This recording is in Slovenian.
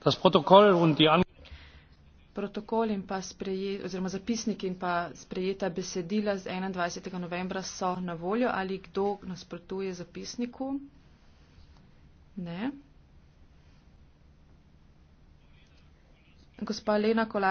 protokol in pa sprejet, oziroma zapisnik in pa sprejeta besedila z 21. novembra so na voljo. Ali kdo nasprotuje zapisniku? Ne. Gospa Lena Kolar.